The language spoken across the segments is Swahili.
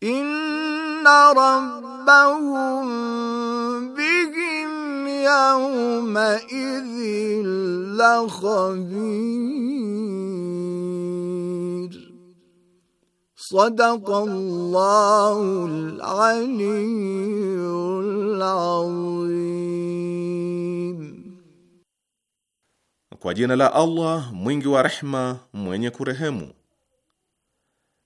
inna rabbahum bihim yawma idhin lakhabir صدق الله العلي العظيم Kwa jina la Allah mwingi wa rehma mwenye kurehemu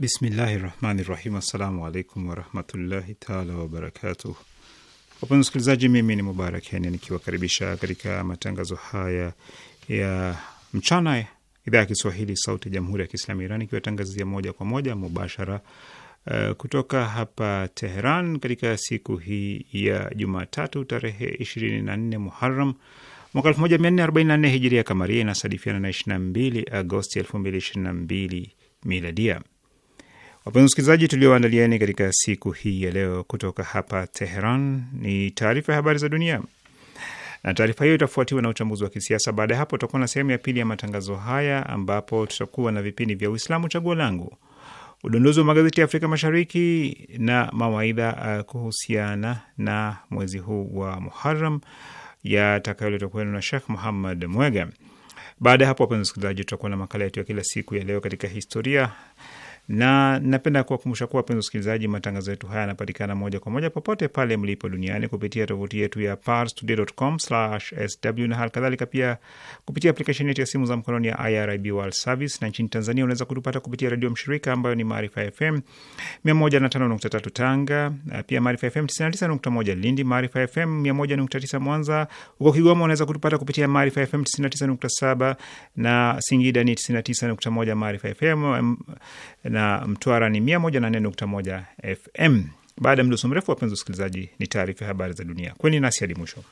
Bismillahi rahmani rahim. Assalamu alaikum warahmatullahi taala wabarakatuh. Wapenzi wasikilizaji, mimi ni Mubarak Kenya nikiwakaribisha katika matangazo haya ya mchana, idhaa ya Kiswahili sauti ya jamhuri ya kiislamu Iran ikiwatangazia moja kwa moja mubashara uh, kutoka hapa Teheran katika siku hii ya Jumatatu tarehe 24 muharam mwaka 1444 hijiria kamaria, inasadifiana na 22 Agosti 2022 miladia. Wapenzi wasikilizaji, tulioandaliani katika siku hii ya leo kutoka hapa Teheran ni taarifa ya habari za dunia, na taarifa hiyo itafuatiwa na uchambuzi wa kisiasa. Baada ya hapo, tutakuwa na sehemu ya pili ya matangazo haya ambapo tutakuwa na vipindi vya Uislamu Chaguo Langu, udondozi wa magazeti ya Afrika Mashariki na mawaidha uh, kuhusiana na mwezi huu wa Muharam yatakayoletwa kwenu na Shekh Muhammad Mwega. Baada ya hapo, wapenzi wasikilizaji, tutakuwa na makala yetu ya kila siku ya leo katika historia na napenda kuwakumbusha kuwa wapenzi wasikilizaji, matangazo yetu haya yanapatikana moja kwa moja popote pale mlipo duniani kupitia tovuti yetu ya parstoday.com/sw na hali kadhalika pia kupitia aplikesheni yetu ya simu za mkononi ya IRIB World Service, na nchini Tanzania unaweza kutupata kupitia redio mshirika ambayo ni Maarifa FM 105.3 Tanga, pia Maarifa FM 99.1 Lindi, Maarifa FM 101.9 Mwanza. Huko Kigoma unaweza kutupata kupitia Maarifa FM 99.7 na Singida ni 99.1 Maarifa FM na Mtwara ni 104.1 FM. Baada ya mdoso mrefu, wapenzi wasikilizaji, ni taarifa ya habari za dunia. Kweni nasi hadi mwisho.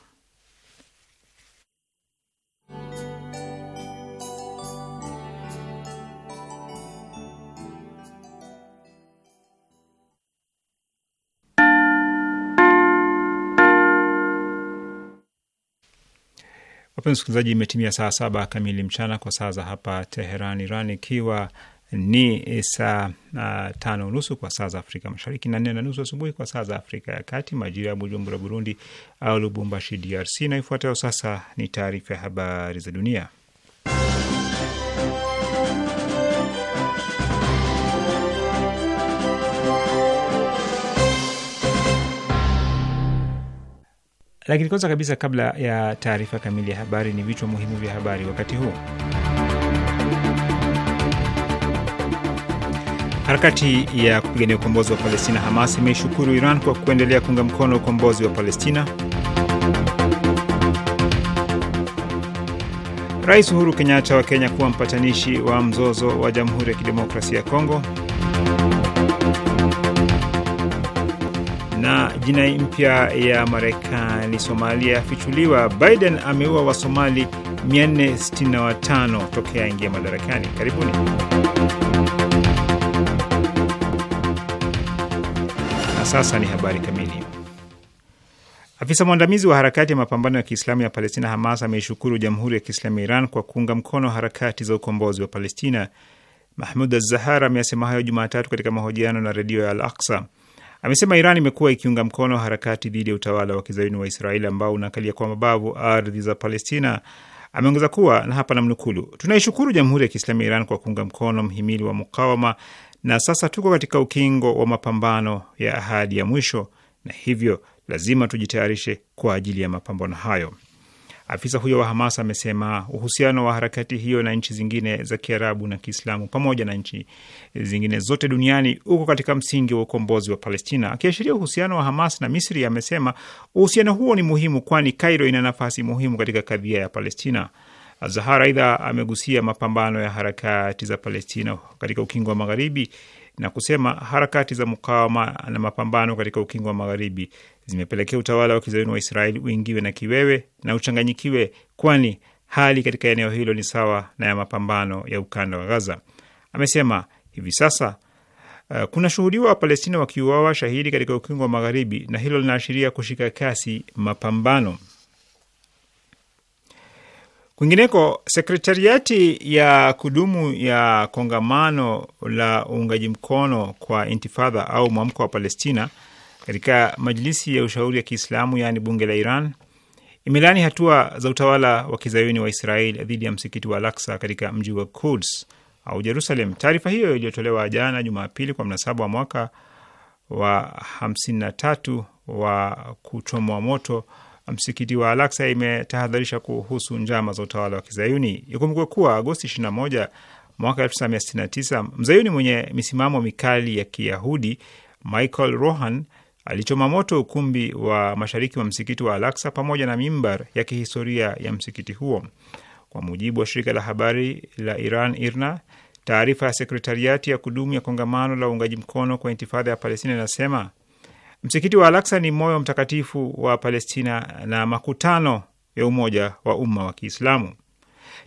Wapenzi wasikilizaji, imetimia saa saba kamili mchana kwa saa za hapa Teheran, Iran, ikiwa ni eh, saa uh, tano nusu kwa saa za Afrika Mashariki na nne na nusu asubuhi kwa saa za Afrika ya Kati, majira ya Bujumbura, Burundi au Lubumbashi, DRC. Na ifuatayo sasa ni taarifa ya habari za dunia, lakini kwanza kabisa, kabla ya taarifa kamili ya habari, ni vichwa muhimu vya habari wakati huu. Harakati ya kupigania ukombozi wa Palestina Hamas imeishukuru Iran kwa kuendelea kuunga mkono ukombozi wa Palestina. Rais Uhuru Kenyatta wa Kenya kuwa mpatanishi wa mzozo wa Jamhuri ya Kidemokrasia ya Kongo, na jinai mpya ya Marekani Somalia yafichuliwa. Biden ameua Wasomali 465 tokea ingia madarakani. Karibuni. sasa ni habari kamili. Afisa mwandamizi wa harakati ya mapambano ya Kiislamu ya Palestina Hamas ameishukuru Jamhuri ya Kiislamu ya Iran kwa kuunga mkono harakati za ukombozi wa Palestina. Mahmud Azzahar ameyasema hayo Jumatatu katika mahojiano na redio ya Al Aksa. Amesema Iran imekuwa ikiunga mkono harakati dhidi ya utawala wa kizayuni wa Israeli ambao unakalia kwa mabavu ardhi za Palestina. Ameongeza kuwa na hapa namnukulu, tunaishukuru Jamhuri ya Kiislamu ya Iran kwa kuunga mkono mhimili wa mukawama na sasa tuko katika ukingo wa mapambano ya ahadi ya mwisho, na hivyo lazima tujitayarishe kwa ajili ya mapambano hayo. Afisa huyo wa Hamas amesema uhusiano wa harakati hiyo na nchi zingine za Kiarabu na Kiislamu pamoja na nchi zingine zote duniani uko katika msingi wa ukombozi wa Palestina. Akiashiria uhusiano wa Hamas na Misri, amesema uhusiano huo ni muhimu, kwani Kairo ina nafasi muhimu katika kadhia ya Palestina. Zahar aidha amegusia mapambano ya harakati za Palestina katika ukingo wa magharibi na kusema harakati za mukawama na mapambano katika ukingo wa magharibi zimepelekea utawala wa kizayuni wa Israeli uingiwe na kiwewe na uchanganyikiwe, kwani hali katika eneo hilo ni sawa na ya mapambano ya ukanda wa Gaza. Amesema hivi sasa uh, kuna shuhudiwa Wapalestina wakiuawa shahidi katika ukingo wa magharibi, na hilo linaashiria kushika kasi mapambano. Kwingineko, sekretariati ya kudumu ya kongamano la uungaji mkono kwa intifadha au mwamko wa Palestina katika majilisi ya Ushauri ya Kiislamu, yaani bunge la Iran, imelani hatua za utawala wa kizayuni wa Israel dhidi ya msikiti wa Al-Aqsa katika mji wa Quds au Jerusalem. Taarifa hiyo iliyotolewa jana Jumapili kwa mnasaba wa mwaka wa 53 wa kuchomwa moto msikiti wa Al-Aqsa imetahadharisha kuhusu njama za utawala wa Kizayuni. Ikumbukwe kuwa Agosti 21 mwaka 1969 mzayuni mwenye misimamo mikali ya Kiyahudi Michael Rohan alichoma moto ukumbi wa mashariki wa msikiti wa Al-Aqsa pamoja na mimbar ya kihistoria ya msikiti huo. Kwa mujibu wa shirika la habari la Iran IRNA, taarifa ya sekretariati ya kudumu ya kongamano la uungaji mkono kwa intifadha ya Palestina inasema Msikiti wa Al-Aqsa ni moyo mtakatifu wa Palestina na makutano ya umoja wa umma wa Kiislamu.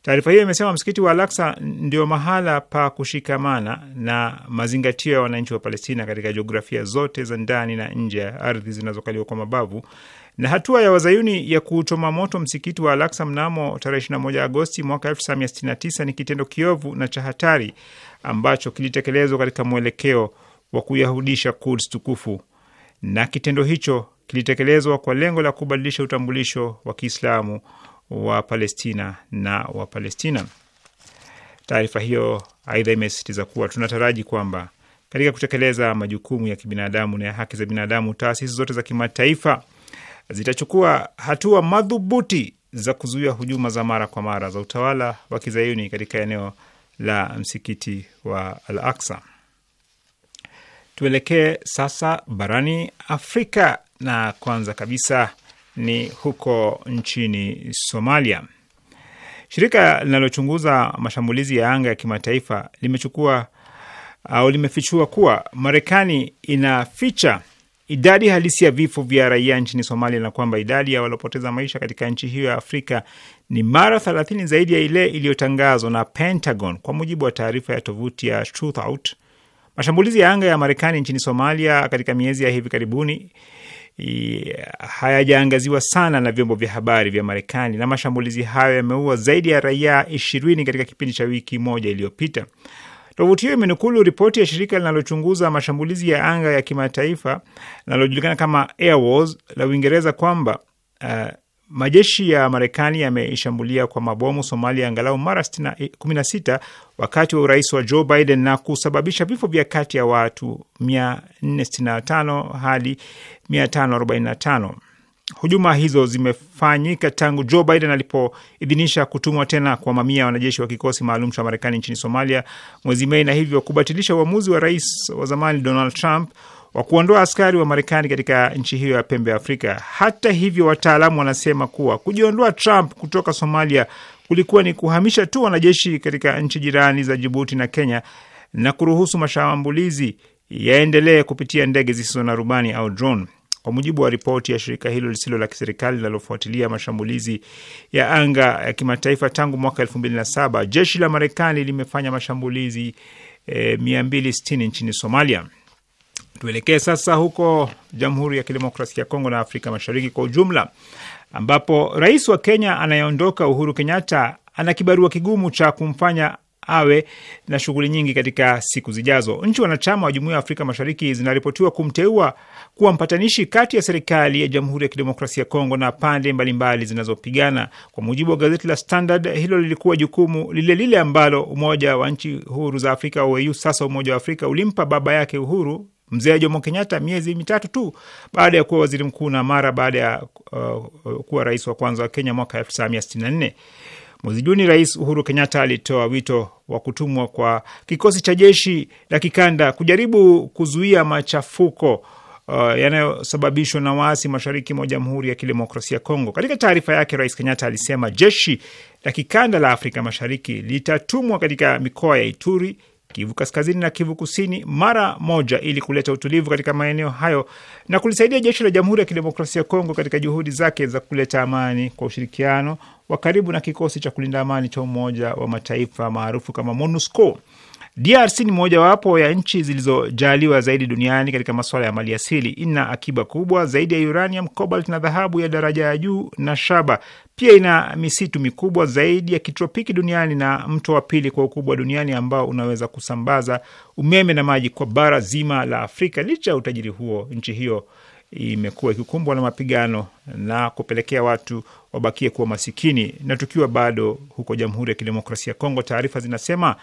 Taarifa hiyo imesema msikiti wa Al-Aqsa ndio mahala pa kushikamana na mazingatio ya wananchi wa Palestina katika jiografia zote za ndani na nje ya ardhi zinazokaliwa kwa mabavu, na hatua ya wazayuni ya kuchoma moto msikiti wa Al-Aqsa mnamo tarehe 21 Agosti mwaka 1969 ni kitendo kiovu na cha hatari ambacho kilitekelezwa katika mwelekeo wa kuyahudisha Quds tukufu na kitendo hicho kilitekelezwa kwa lengo la kubadilisha utambulisho wa Kiislamu wa Palestina na Wapalestina. Taarifa hiyo aidha imesisitiza kuwa tunataraji kwamba katika kutekeleza majukumu ya kibinadamu na ya haki za binadamu, taasisi zote za kimataifa zitachukua hatua madhubuti za kuzuia hujuma za mara kwa mara za utawala wa kizayuni katika eneo la msikiti wa Al Aksa. Tuelekee sasa barani Afrika na kwanza kabisa ni huko nchini Somalia. Shirika linalochunguza mashambulizi ya anga ya kimataifa limechukua au limefichua kuwa Marekani inaficha idadi halisi ya vifo vya raia nchini Somalia na kwamba idadi ya waliopoteza maisha katika nchi hiyo ya Afrika ni mara thelathini zaidi ya ile iliyotangazwa na Pentagon. Kwa mujibu wa taarifa ya tovuti ya Truthout, Mashambulizi ya anga ya Marekani nchini Somalia katika miezi ya hivi karibuni hayajaangaziwa sana na vyombo vya habari vya Marekani, na mashambulizi hayo yameua zaidi ya raia ishirini katika kipindi cha wiki moja iliyopita. Tovuti hiyo imenukulu ripoti ya shirika linalochunguza mashambulizi ya anga ya kimataifa linalojulikana kama Airwars la Uingereza kwamba uh, Majeshi ya Marekani yameishambulia kwa mabomu Somalia angalau mara 16 wakati wa urais wa Joe Biden na kusababisha vifo vya kati ya watu 465 hadi 545. Hujuma hizo zimefanyika tangu Joe Biden alipoidhinisha kutumwa tena kwa mamia ya wanajeshi wa kikosi maalum cha Marekani nchini Somalia mwezi Mei, na hivyo kubatilisha uamuzi wa rais wa zamani Donald Trump wa kuondoa askari wa Marekani katika nchi hiyo ya pembe ya Afrika. Hata hivyo, wataalamu wanasema kuwa kujiondoa Trump kutoka Somalia kulikuwa ni kuhamisha tu wanajeshi katika nchi jirani za Jibuti na Kenya na kuruhusu mashambulizi yaendelee kupitia ndege zisizo na rubani au drone. Kwa mujibu wa ripoti ya shirika hilo lisilo la kiserikali linalofuatilia mashambulizi ya anga ya kimataifa tangu mwaka elfu mbili na saba jeshi la Marekani limefanya mashambulizi e, eh, 260 nchini Somalia. Tuelekee sasa huko Jamhuri ya Kidemokrasia ya Kongo na Afrika Mashariki kwa ujumla, ambapo rais wa Kenya anayeondoka Uhuru Kenyatta ana kibarua kigumu cha kumfanya awe na shughuli nyingi katika siku zijazo. Nchi wanachama wa Jumuiya ya Afrika Mashariki zinaripotiwa kumteua kuwa mpatanishi kati ya serikali ya Jamhuri ya Kidemokrasia ya Kongo na pande mbalimbali zinazopigana. Kwa mujibu wa gazeti la Standard, hilo lilikuwa jukumu lile lile ambalo Umoja wa Nchi Huru za Afrika au AU, e sasa Umoja wa Afrika, ulimpa baba yake Uhuru Mzee Jomo Kenyatta miezi mitatu tu baada ya kuwa waziri mkuu na mara baada ya uh, kuwa rais wa kwanza wa Kenya mwaka 1964. Mwezi Juni, Rais Uhuru Kenyatta alitoa wito wa kutumwa kwa kikosi cha jeshi la kikanda kujaribu kuzuia machafuko uh, yanayosababishwa na waasi mashariki mwa Jamhuri ya Kidemokrasia ya Kongo. Katika taarifa yake, Rais Kenyatta alisema jeshi la kikanda la Afrika Mashariki litatumwa katika mikoa ya Ituri, Kivu Kaskazini na Kivu Kusini mara moja ili kuleta utulivu katika maeneo hayo na kulisaidia jeshi la Jamhuri ya Kidemokrasia ya Kongo katika juhudi zake za kuleta amani kwa ushirikiano wa karibu na kikosi cha kulinda amani cha Umoja wa Mataifa maarufu kama MONUSCO. DRC ni mojawapo ya nchi zilizojaliwa zaidi duniani katika masuala ya mali asili. Ina akiba kubwa zaidi ya uranium, cobalt na dhahabu ya daraja ya juu na shaba. Pia ina misitu mikubwa zaidi ya kitropiki duniani na mto wa pili kwa ukubwa duniani ambao unaweza kusambaza umeme na maji kwa bara zima la Afrika. Licha ya utajiri huo, nchi hiyo imekuwa ikikumbwa na mapigano na kupelekea watu wabakie kuwa masikini. Na tukiwa bado huko Jamhuri ya Kidemokrasia ya Kongo, taarifa zinasema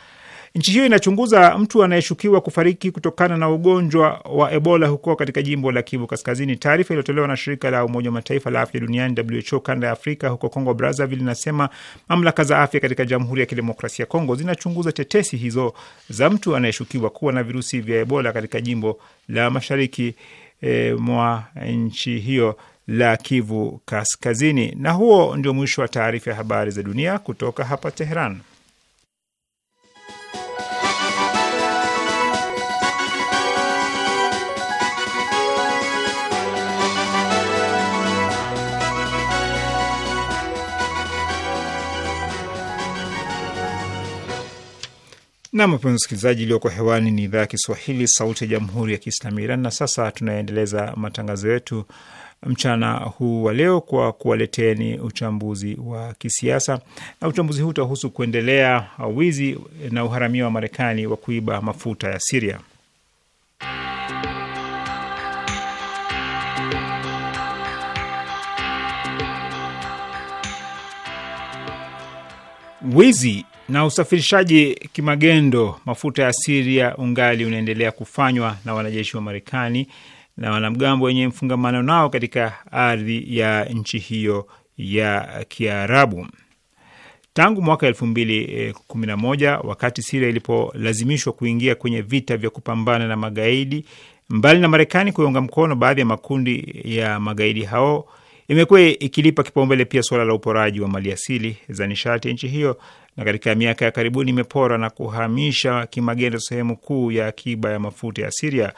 Nchi hiyo inachunguza mtu anayeshukiwa kufariki kutokana na ugonjwa wa Ebola huko katika jimbo la Kivu Kaskazini. Taarifa iliyotolewa na shirika la Umoja wa Mataifa la afya duniani WHO kanda ya Afrika huko Kongo Brazzaville inasema mamlaka za afya katika Jamhuri ya Kidemokrasia ya Kongo zinachunguza tetesi hizo za mtu anayeshukiwa kuwa na virusi vya Ebola katika jimbo la mashariki e, mwa nchi hiyo la Kivu Kaskazini. Na huo ndio mwisho wa taarifa ya habari za dunia kutoka hapa Teheran. Nam, wapenzi msikilizaji, iliyoko hewani ni idhaa ya Kiswahili sauti ya jamhuri ya kiislamu ya Iran. Na sasa tunaendeleza matangazo yetu mchana huu wa leo kwa kuwaleteni uchambuzi wa kisiasa, na uchambuzi huu utahusu kuendelea wizi na uharamia wa Marekani wa kuiba mafuta ya Siria. Wizi na usafirishaji kimagendo mafuta ya Siria ungali unaendelea kufanywa na wanajeshi wa Marekani na wanamgambo wenye mfungamano nao katika ardhi ya nchi hiyo ya Kiarabu. Tangu mwaka elfu mbili eh, kumi na moja wakati Siria ilipolazimishwa kuingia kwenye vita vya kupambana na magaidi, mbali na Marekani kuiunga mkono baadhi ya makundi ya magaidi hao imekuwa ikilipa kipaumbele pia suala la uporaji wa maliasili za nishati nchi hiyo, na katika miaka ya karibuni imepora na kuhamisha kimagendo sehemu kuu ya akiba ya mafuta ya Siria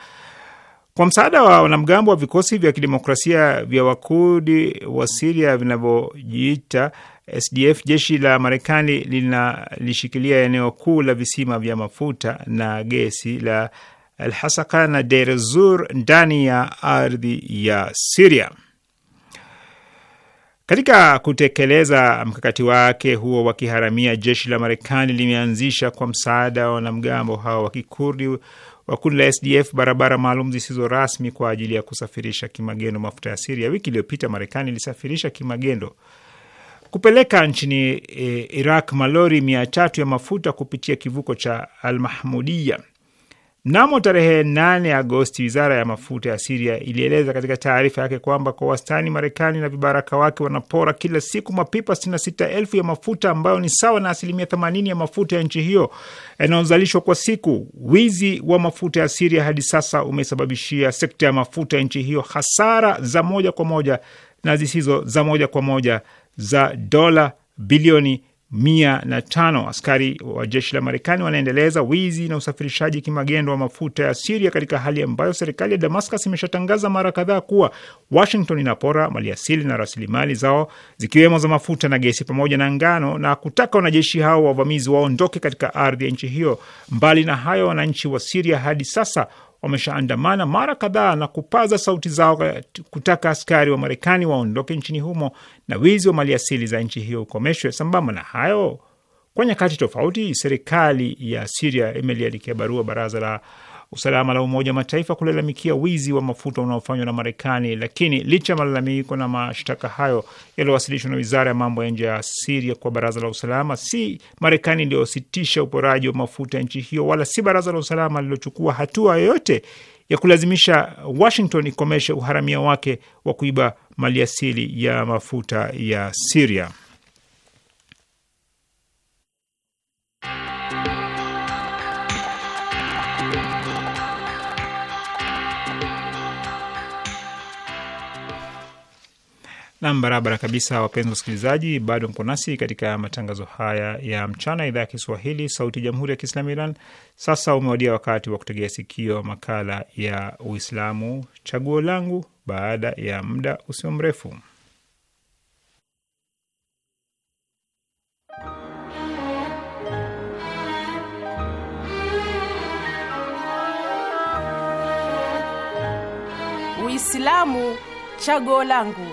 kwa msaada wa wanamgambo wa vikosi vya kidemokrasia vya Wakurdi wa Siria vinavyojiita SDF. Jeshi la Marekani linalishikilia eneo kuu la visima vya mafuta na gesi la Alhasaka na Deir Zur ndani ya ardhi ya Siria. Katika kutekeleza mkakati wake huo wa kiharamia, jeshi la Marekani limeanzisha kwa msaada wa wanamgambo hao wa kikurdi wa kundi la SDF barabara maalum zisizo rasmi kwa ajili ya kusafirisha kimagendo mafuta ya Siria. Wiki iliyopita Marekani ilisafirisha kimagendo kupeleka nchini e, Iraq malori mia tatu ya mafuta kupitia kivuko cha Almahmudia. Mnamo tarehe 8 Agosti, wizara ya mafuta ya Siria ilieleza katika taarifa yake kwamba kwa wastani Marekani na vibaraka wake wanapora kila siku mapipa 66,000 ya mafuta ambayo ni sawa na asilimia 80 ya mafuta ya nchi hiyo yanayozalishwa kwa siku. Wizi wa mafuta ya Siria hadi sasa umesababishia sekta ya mafuta ya nchi hiyo hasara za moja kwa moja na zisizo za moja kwa moja za dola bilioni mia na tano askari wa jeshi la Marekani wanaendeleza wizi na usafirishaji kimagendo wa mafuta ya Siria katika hali ambayo serikali ya Damascus imeshatangaza mara kadhaa kuwa Washington inapora maliasili na rasilimali zao zikiwemo za mafuta na gesi pamoja na ngano na kutaka wanajeshi hao wavamizi waondoke katika ardhi ya nchi hiyo. Mbali na hayo, wananchi wa Siria hadi sasa wameshaandamana mara kadhaa na kupaza sauti zao kutaka askari wa Marekani waondoke nchini humo na wizi wa maliasili za nchi hiyo ukomeshwe. Sambamba na hayo, kwa nyakati tofauti, serikali ya Siria imeliandikia barua baraza la usalama la Umoja wa Mataifa kulalamikia wizi wa mafuta unaofanywa na Marekani. Lakini licha ya malalamiko na mashtaka hayo yaliyowasilishwa na wizara ya mambo ya nje ya Siria kwa baraza la usalama, si Marekani iliyositisha uporaji wa mafuta ya nchi hiyo, wala si baraza la usalama lililochukua hatua yoyote ya kulazimisha Washington ikomeshe uharamia wake wa kuiba maliasili ya mafuta ya Siria. Nam, barabara kabisa, wapenzi wasikilizaji, bado mko nasi katika matangazo haya ya mchana, idhaa ya Kiswahili, sauti ya jamhuri ya kiislamu Iran. Sasa umewadia wakati wa kutegea sikio makala ya Uislamu chaguo langu, baada ya muda usio mrefu. Uislamu chaguo langu.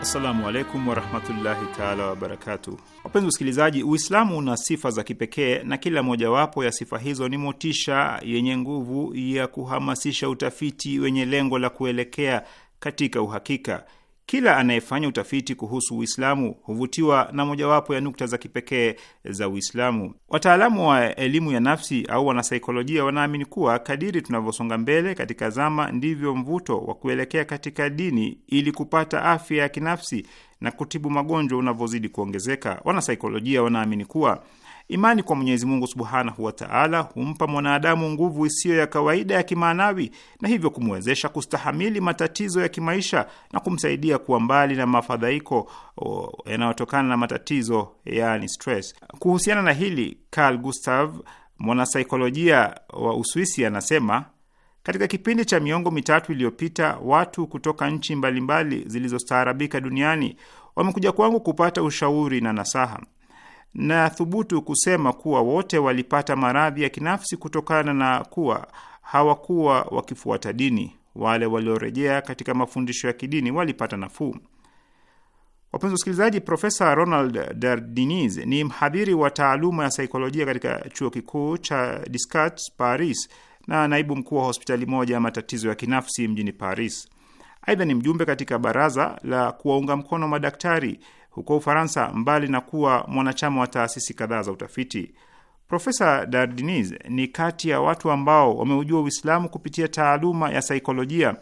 Assalamu alaikum warahmatullahi taala wabarakatu. Wapenzi wasikilizaji, Uislamu una sifa za kipekee na kila mojawapo ya sifa hizo ni motisha yenye nguvu ya kuhamasisha utafiti wenye lengo la kuelekea katika uhakika. Kila anayefanya utafiti kuhusu Uislamu huvutiwa na mojawapo ya nukta za kipekee za Uislamu. Wataalamu wa elimu ya nafsi au wanasaikolojia wanaamini kuwa kadiri tunavyosonga mbele katika zama, ndivyo mvuto wa kuelekea katika dini ili kupata afya ya kinafsi na kutibu magonjwa unavyozidi kuongezeka. Wanasaikolojia wanaamini kuwa Imani kwa Mwenyezi Mungu subhanahu wa taala humpa mwanadamu nguvu isiyo ya kawaida ya kimaanawi na hivyo kumwezesha kustahamili matatizo ya kimaisha na kumsaidia kuwa mbali na mafadhaiko yanayotokana na matatizo yani stress. Kuhusiana na hili, Carl Gustav, mwanasaikolojia wa Uswisi, anasema katika kipindi cha miongo mitatu iliyopita, watu kutoka nchi mbalimbali zilizostaarabika duniani wamekuja kwangu kupata ushauri na nasaha nathubutu kusema kuwa wote walipata maradhi ya kinafsi kutokana na kuwa hawakuwa wakifuata dini. Wale waliorejea katika mafundisho ya kidini walipata nafuu. Wapenzi wasikilizaji, Profesa Ronald dardinis ni mhadhiri wa taaluma ya saikolojia katika chuo kikuu cha Descartes Paris na naibu mkuu wa hospitali moja ya matatizo ya kinafsi mjini Paris. Aidha ni mjumbe katika baraza la kuwaunga mkono madaktari huko Ufaransa, mbali na kuwa mwanachama wa taasisi kadhaa za utafiti. Profesa Dardinis ni kati ya watu ambao wameujua Uislamu kupitia taaluma ya saikolojia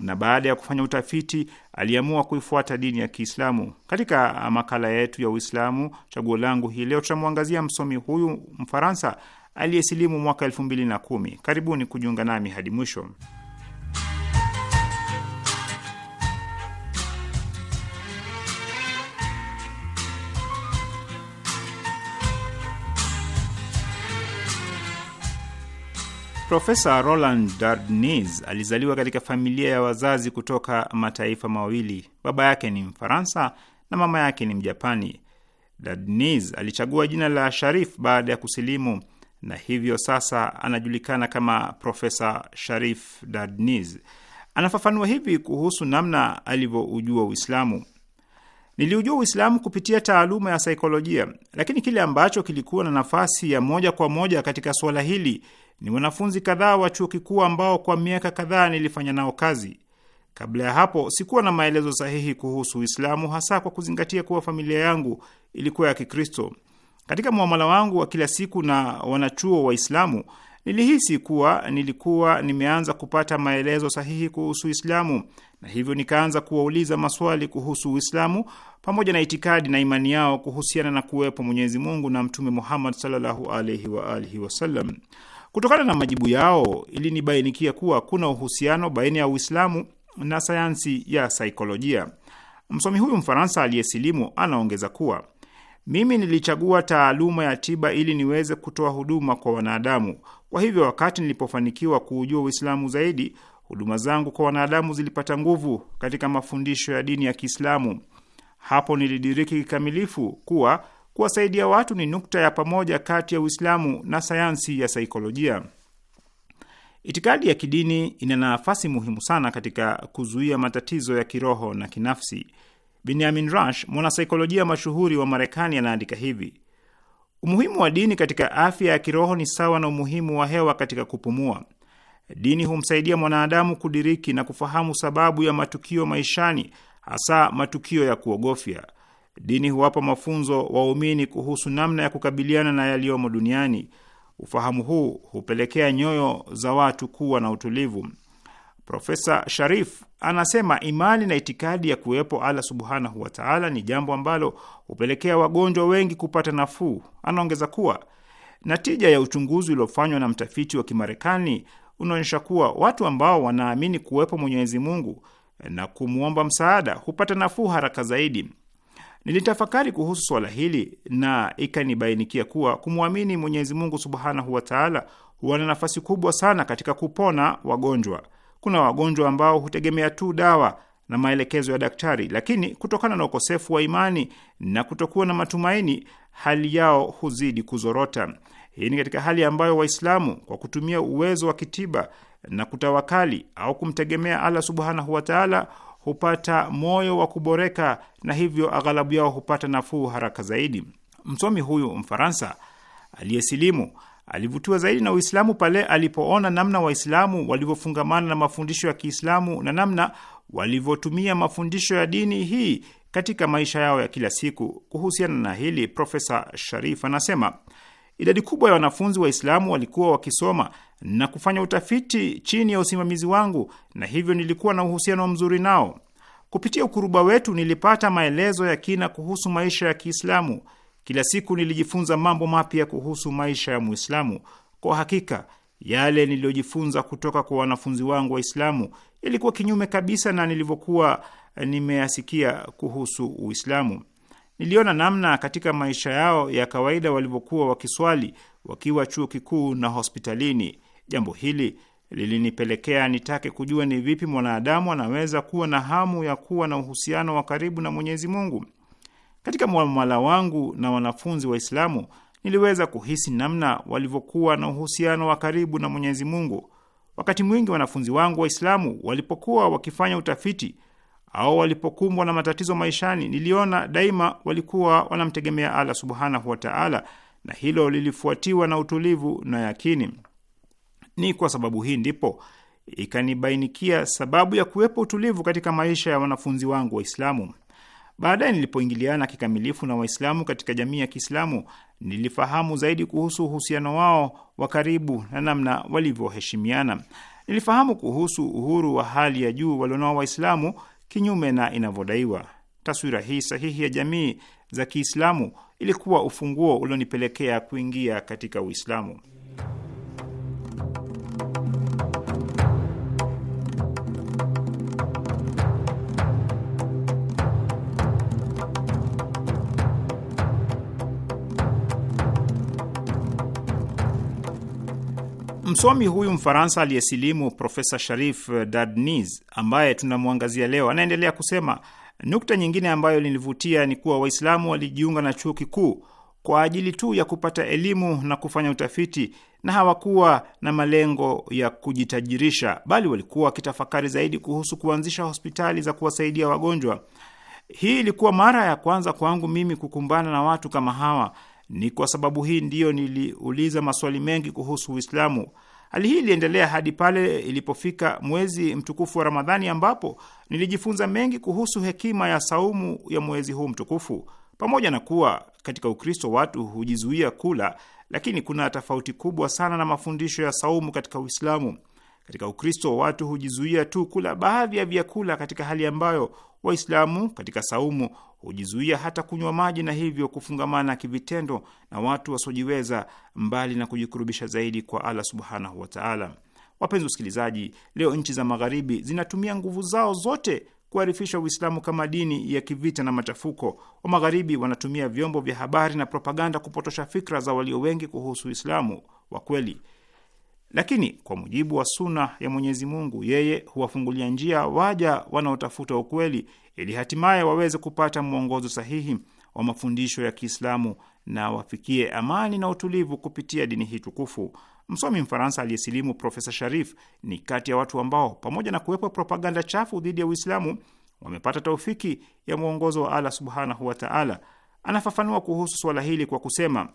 na baada ya kufanya utafiti aliamua kuifuata dini ya Kiislamu. Katika makala yetu ya Uislamu chaguo langu hii leo, tutamwangazia msomi huyu Mfaransa aliyesilimu mwaka elfu mbili na kumi. Karibuni kujiunga nami hadi mwisho. Profesa Roland dardnis alizaliwa katika familia ya wazazi kutoka mataifa mawili. Baba yake ni Mfaransa na mama yake ni Mjapani. dardnis alichagua jina la Sharif baada ya kusilimu na hivyo sasa anajulikana kama Profesa Sharif dardnis Anafafanua hivi kuhusu namna alivyoujua Uislamu: Niliujua Uislamu kupitia taaluma ya saikolojia, lakini kile ambacho kilikuwa na nafasi ya moja kwa moja katika suala hili ni wanafunzi kadhaa wa chuo kikuu ambao kwa miaka kadhaa nilifanya nao kazi. Kabla ya hapo sikuwa na maelezo sahihi kuhusu Uislamu, hasa kwa kuzingatia kuwa familia yangu ilikuwa ya Kikristo. Katika muamala wangu wa kila siku na wanachuo Waislamu, nilihisi kuwa nilikuwa nimeanza kupata maelezo sahihi kuhusu Uislamu, na hivyo nikaanza kuwauliza maswali kuhusu Uislamu pamoja na itikadi na imani yao kuhusiana na kuwepo Mwenyezi Mungu na Mtume Muhammad sallallahu alaihi wa alihi wasallam. Kutokana na majibu yao, ilinibainikia kuwa kuna uhusiano baina ya Uislamu na sayansi ya saikolojia. Msomi huyu Mfaransa aliyesilimu anaongeza kuwa mimi nilichagua taaluma ya tiba ili niweze kutoa huduma kwa wanadamu. Kwa hivyo, wakati nilipofanikiwa kuujua Uislamu zaidi, huduma zangu kwa wanadamu zilipata nguvu katika mafundisho ya dini ya Kiislamu. Hapo nilidiriki kikamilifu kuwa kuwasaidia watu ni nukta ya pamoja kati ya Uislamu na sayansi ya saikolojia. Itikadi ya kidini ina nafasi muhimu sana katika kuzuia matatizo ya kiroho na kinafsi. Benjamin Rush, mwanasaikolojia mashuhuri wa Marekani, anaandika hivi: umuhimu wa dini katika afya ya kiroho ni sawa na umuhimu wa hewa katika kupumua. Dini humsaidia mwanadamu kudiriki na kufahamu sababu ya matukio maishani hasa matukio ya kuogofya. Dini huwapa mafunzo waumini kuhusu namna ya kukabiliana na yaliyomo duniani. Ufahamu huu hupelekea nyoyo za watu kuwa na utulivu. Profesa Sharif anasema imani na itikadi ya kuwepo Allah subhanahu wa taala ni jambo ambalo hupelekea wagonjwa wengi kupata nafuu. Anaongeza kuwa natija ya uchunguzi uliofanywa na mtafiti wa Kimarekani unaonyesha kuwa watu ambao wanaamini kuwepo Mwenyezi Mungu na kumwomba msaada hupata nafuu haraka zaidi. Nilitafakari kuhusu swala hili na ikanibainikia kuwa kumwamini Mwenyezi Mungu subhanahu wa taala huwa na nafasi kubwa sana katika kupona wagonjwa. Kuna wagonjwa ambao hutegemea tu dawa na maelekezo ya daktari, lakini kutokana na ukosefu wa imani na kutokuwa na matumaini, hali yao huzidi kuzorota. Hii ni katika hali ambayo Waislamu kwa kutumia uwezo wa kitiba na kutawakali au kumtegemea Allah subhanahu wataala hupata moyo wa kuboreka na hivyo aghalabu yao hupata nafuu haraka zaidi. Msomi huyu Mfaransa aliyesilimu alivutiwa zaidi na Uislamu pale alipoona namna Waislamu walivyofungamana na mafundisho ya Kiislamu na namna walivyotumia mafundisho ya dini hii katika maisha yao ya kila siku. Kuhusiana na hili, Profesa Sharif anasema Idadi kubwa ya wanafunzi Waislamu walikuwa wakisoma na kufanya utafiti chini ya usimamizi wangu, na hivyo nilikuwa na uhusiano mzuri nao. Kupitia ukuruba wetu, nilipata maelezo ya kina kuhusu maisha ya Kiislamu. Kila siku nilijifunza mambo mapya kuhusu maisha ya Muislamu. Kwa hakika yale niliyojifunza kutoka kwa wanafunzi wangu Waislamu yalikuwa kinyume kabisa na nilivyokuwa nimeyasikia kuhusu Uislamu. Niliona namna katika maisha yao ya kawaida walivyokuwa wakiswali wakiwa chuo kikuu na hospitalini. Jambo hili lilinipelekea nitake kujua ni vipi mwanadamu anaweza kuwa na hamu ya kuwa na uhusiano wa karibu na Mwenyezi Mungu. Katika mwamala wangu na wanafunzi Waislamu niliweza kuhisi namna walivyokuwa na uhusiano wa karibu na Mwenyezi Mungu. Wakati mwingi wanafunzi wangu Waislamu walipokuwa wakifanya utafiti au walipokumbwa na matatizo maishani, niliona daima walikuwa wanamtegemea Allah subhanahu wa taala, na hilo lilifuatiwa na utulivu na yakini. Ni kwa sababu hii ndipo ikanibainikia sababu ya kuwepo utulivu katika maisha ya wanafunzi wangu Waislamu. Baadaye nilipoingiliana kikamilifu na Waislamu katika jamii ya Kiislamu, nilifahamu zaidi kuhusu uhusiano wao wa karibu na namna walivyoheshimiana. Nilifahamu kuhusu uhuru wa hali ya juu walionao Waislamu kinyume na inavyodaiwa. Taswira hii sahihi ya jamii za Kiislamu ilikuwa ufunguo ulionipelekea kuingia katika Uislamu. Msomi huyu Mfaransa aliyesilimu Profesa Sharif eh, Dadnis ambaye tunamwangazia leo anaendelea kusema, nukta nyingine ambayo lilivutia ni kuwa Waislamu walijiunga na chuo kikuu kwa ajili tu ya kupata elimu na kufanya utafiti na hawakuwa na malengo ya kujitajirisha, bali walikuwa wakitafakari zaidi kuhusu kuanzisha hospitali za kuwasaidia wagonjwa. Hii ilikuwa mara ya kwanza kwangu mimi kukumbana na watu kama hawa ni kwa sababu hii ndiyo niliuliza maswali mengi kuhusu Uislamu. Hali hii iliendelea hadi pale ilipofika mwezi mtukufu wa Ramadhani, ambapo nilijifunza mengi kuhusu hekima ya saumu ya mwezi huu mtukufu. Pamoja na kuwa katika Ukristo watu hujizuia kula, lakini kuna tofauti kubwa sana na mafundisho ya saumu katika Uislamu. Katika Ukristo watu hujizuia tu kula baadhi ya vyakula katika hali ambayo Waislamu katika saumu hujizuia hata kunywa maji na hivyo kufungamana kivitendo na watu wasiojiweza, mbali na kujikurubisha zaidi kwa Allah subhanahu wataala. Wapenzi wasikilizaji, leo nchi za Magharibi zinatumia nguvu zao zote kuharifisha Uislamu kama dini ya kivita na machafuko. Wa Magharibi wanatumia vyombo vya habari na propaganda kupotosha fikra za walio wengi kuhusu Uislamu wa kweli. Lakini kwa mujibu wa suna ya Mwenyezi Mungu, yeye huwafungulia njia waja wanaotafuta ukweli ili hatimaye waweze kupata mwongozo sahihi wa mafundisho ya Kiislamu na wafikie amani na utulivu kupitia dini hii tukufu. Msomi Mfaransa aliyesilimu Profesa Sharif ni kati ya watu ambao pamoja na kuwepo propaganda chafu dhidi ya Uislamu wamepata taufiki ya mwongozo wa Allah subhanahu wataala Anafafanua kuhusu swala hili kwa kusema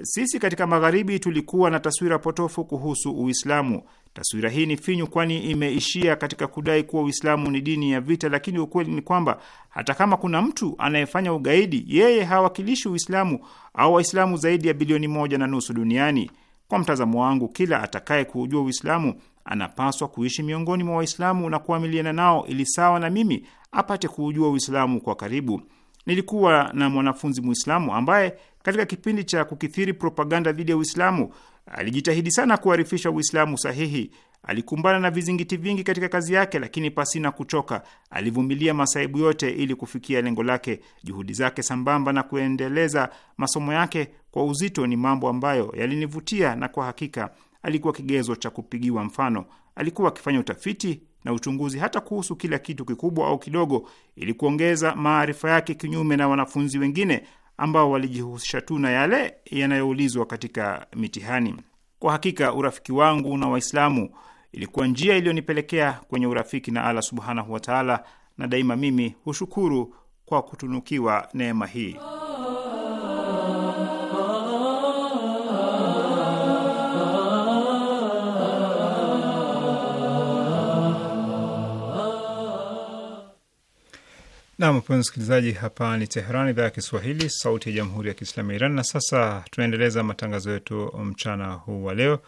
sisi katika magharibi tulikuwa na taswira potofu kuhusu Uislamu. Taswira hii ni finyu, kwani imeishia katika kudai kuwa Uislamu ni dini ya vita, lakini ukweli ni kwamba hata kama kuna mtu anayefanya ugaidi, yeye hawakilishi Uislamu au Waislamu zaidi ya bilioni moja na nusu duniani. Kwa mtazamo wangu, kila atakaye kuujua Uislamu anapaswa kuishi miongoni mwa Waislamu na kuamiliana nao, ili sawa na mimi apate kuujua Uislamu kwa karibu. Nilikuwa na mwanafunzi Mwislamu ambaye katika kipindi cha kukithiri propaganda dhidi ya Uislamu, alijitahidi sana kuharifisha Uislamu sahihi. Alikumbana na vizingiti vingi katika kazi yake, lakini pasina kuchoka, alivumilia masaibu yote ili kufikia lengo lake. Juhudi zake sambamba na kuendeleza masomo yake kwa uzito ni mambo ambayo yalinivutia, na kwa hakika alikuwa kigezo cha kupigiwa mfano. Alikuwa akifanya utafiti na uchunguzi hata kuhusu kila kitu kikubwa au kidogo, ili kuongeza maarifa yake, kinyume na wanafunzi wengine ambao walijihusisha tu na yale yanayoulizwa katika mitihani. Kwa hakika urafiki wangu na Waislamu ilikuwa njia iliyonipelekea kwenye urafiki na Allah subhanahu wataala, na daima mimi hushukuru kwa kutunukiwa neema hii. Nam mpenzi msikilizaji, hapa ni Teheran, idhaa ya Kiswahili, sauti ya jamhuri ya kiislamu ya Iran. Na sasa tunaendeleza matangazo yetu mchana huu wa leo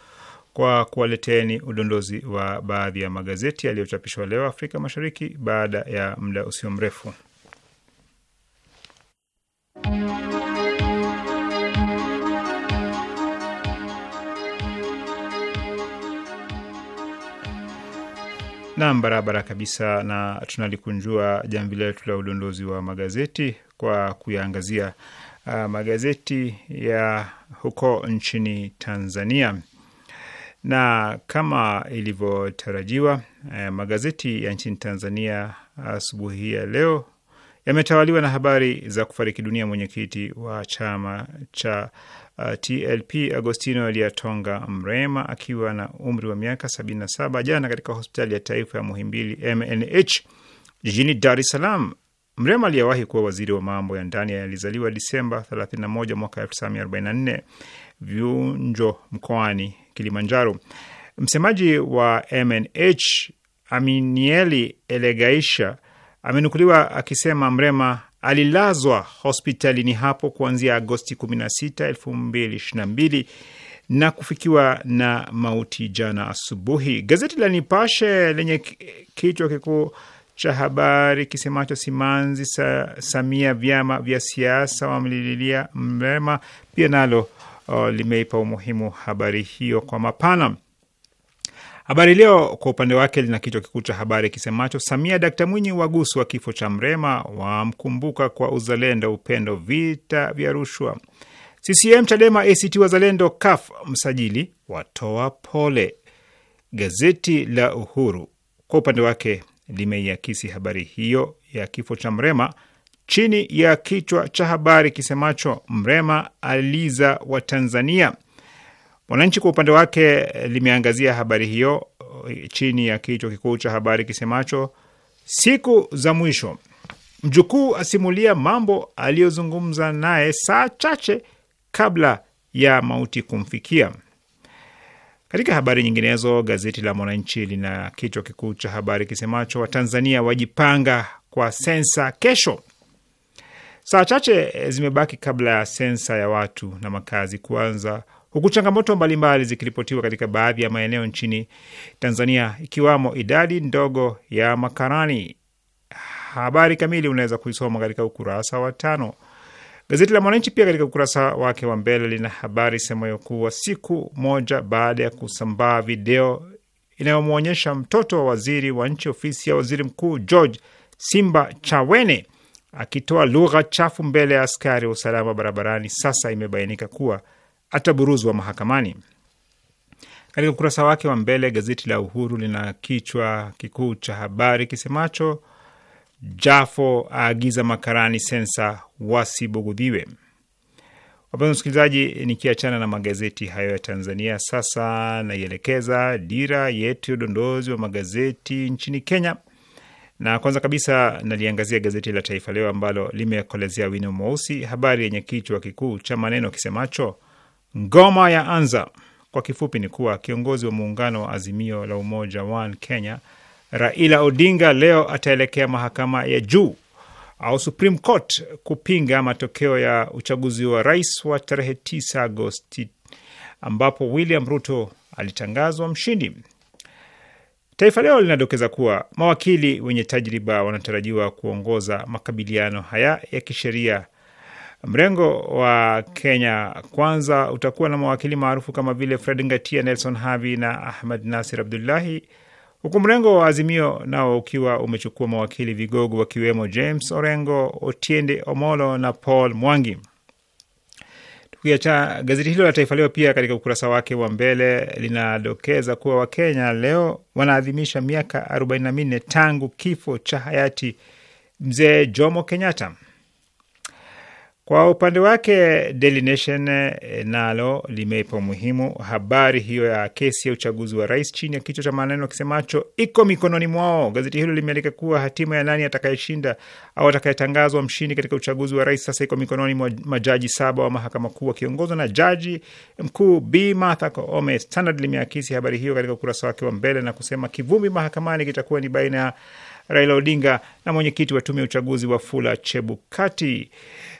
kwa kuwaleteni udondozi wa baadhi ya magazeti yaliyochapishwa leo Afrika Mashariki baada ya muda usio mrefu. Nam, barabara kabisa, na tunalikunjua jamvi letu la udondozi wa magazeti kwa kuyaangazia uh, magazeti ya huko nchini Tanzania na kama ilivyotarajiwa eh, magazeti ya nchini Tanzania asubuhi ya leo yametawaliwa na habari za kufariki dunia mwenyekiti wa chama cha Uh, TLP Agostino aliyatonga Mrema akiwa na umri wa miaka 77 jana katika hospitali ya taifa ya Muhimbili MNH jijini Dar es Salaam. Mrema aliyewahi kuwa waziri wa mambo ya ndani alizaliwa Disemba 31 mwaka 1944 Viunjo mkoani Kilimanjaro. Msemaji wa MNH Aminieli Elegaisha amenukuliwa akisema Mrema alilazwa hospitalini hapo kuanzia Agosti 16, 2022 na kufikiwa na mauti jana asubuhi. Gazeti la Nipashe lenye kichwa kikuu cha habari kisemacho simanzi sa, Samia vyama vya siasa wamlililia Mrema pia nalo oh, limeipa umuhimu habari hiyo kwa mapana. Habari Leo kwa upande wake lina kichwa kikuu cha habari kisemacho Samia Dkt Mwinyi wagusu wa kifo cha Mrema, wamkumbuka kwa uzalendo, upendo, vita vya rushwa. CCM, Chadema, ACT Wazalendo, CUF msajili watoa pole. Gazeti la Uhuru kwa upande wake limeiakisi habari hiyo ya kifo cha Mrema chini ya kichwa cha habari kisemacho Mrema aliza Watanzania. Mwananchi kwa upande wake eh, limeangazia habari hiyo eh, chini ya kichwa kikuu cha habari kisemacho siku za mwisho, mjukuu asimulia mambo aliyozungumza naye saa chache kabla ya mauti kumfikia. Katika habari nyinginezo, gazeti la Mwananchi lina kichwa kikuu cha habari kisemacho Watanzania wajipanga kwa sensa kesho. Saa chache eh, zimebaki kabla ya sensa ya watu na makazi kuanza huku changamoto mbalimbali zikiripotiwa katika baadhi ya maeneo nchini Tanzania, ikiwamo idadi ndogo ya makarani. Habari kamili unaweza kuisoma katika ukurasa wa tano. Gazeti la Mwananchi pia katika ukurasa wake wa mbele lina habari semayo kuwa siku moja baada ya kusambaa video inayomwonyesha mtoto wa waziri wa nchi ofisi ya waziri mkuu George Simba Chawene akitoa lugha chafu mbele ya askari wa usalama barabarani, sasa imebainika kuwa ataburuzwa mahakamani. Katika ukurasa wake wa mbele, gazeti la Uhuru lina kichwa kikuu cha habari kisemacho Jafo aagiza makarani sensa wasibugudhiwe. Wapenzi msikilizaji, nikiachana na magazeti hayo ya Tanzania, sasa naielekeza dira yetu ya udondozi wa magazeti nchini Kenya, na kwanza kabisa naliangazia gazeti la Taifa Leo ambalo limekolezea wino mweusi habari yenye kichwa kikuu cha maneno kisemacho Ngoma ya anza kwa kifupi ni kuwa kiongozi wa muungano wa Azimio la Umoja One Kenya Raila Odinga leo ataelekea mahakama ya juu au Supreme Court kupinga matokeo ya uchaguzi wa rais wa tarehe 9 Agosti ambapo William Ruto alitangazwa mshindi. Taifa Leo linadokeza kuwa mawakili wenye tajriba wanatarajiwa kuongoza makabiliano haya ya kisheria Mrengo wa Kenya Kwanza utakuwa na mawakili maarufu kama vile Fred Ngatia, Nelson Havi na Ahmad Nasir Abdullahi, huku mrengo wa Azimio nao ukiwa umechukua mawakili vigogo wakiwemo James Orengo, Otiende Omolo na Paul Mwangi. Tukiacha gazeti hilo la Taifa Leo, pia katika ukurasa wake wa mbele linadokeza kuwa Wakenya leo wanaadhimisha miaka 44 tangu kifo cha hayati Mzee Jomo Kenyatta. Kwa upande wake Daily Nation eh, nalo limeipa umuhimu habari hiyo ya kesi ya uchaguzi wa rais chini ya kichwa cha maneno kisemacho iko mikononi mwao. Gazeti hilo limeandika kuwa hatima ya nani atakayeshinda au atakayetangazwa mshindi katika uchaguzi wa rais sasa iko mikononi mwa majaji saba wa mahakama kuu wakiongozwa na jaji mkuu B Martha Koome. Standard limeakisi habari hiyo katika ukurasa wake wa mbele na kusema kivumbi mahakamani kitakuwa ni baina ya Raila Odinga na mwenyekiti wa tume ya uchaguzi wa fula Chebukati.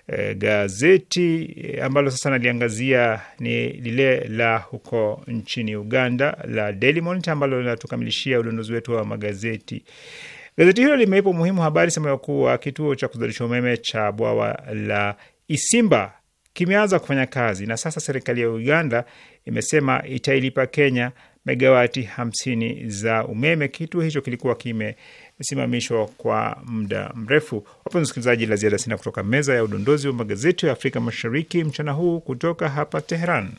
Eh, gazeti eh, ambalo sasa naliangazia ni lile la huko nchini Uganda la Daily Monitor ambalo linatukamilishia udondozi wetu wa magazeti. Gazeti hilo limeipa umuhimu habari ya kuwa kituo cha kuzalisha umeme cha bwawa la Isimba kimeanza kufanya kazi na sasa serikali ya Uganda imesema itailipa Kenya megawati hamsini za umeme. Kituo hicho kilikuwa kimesimamishwa kwa muda mrefu. Wapenzi wasikilizaji, la ziada sina kutoka meza ya udondozi wa magazeti ya Afrika Mashariki mchana huu kutoka hapa Teheran.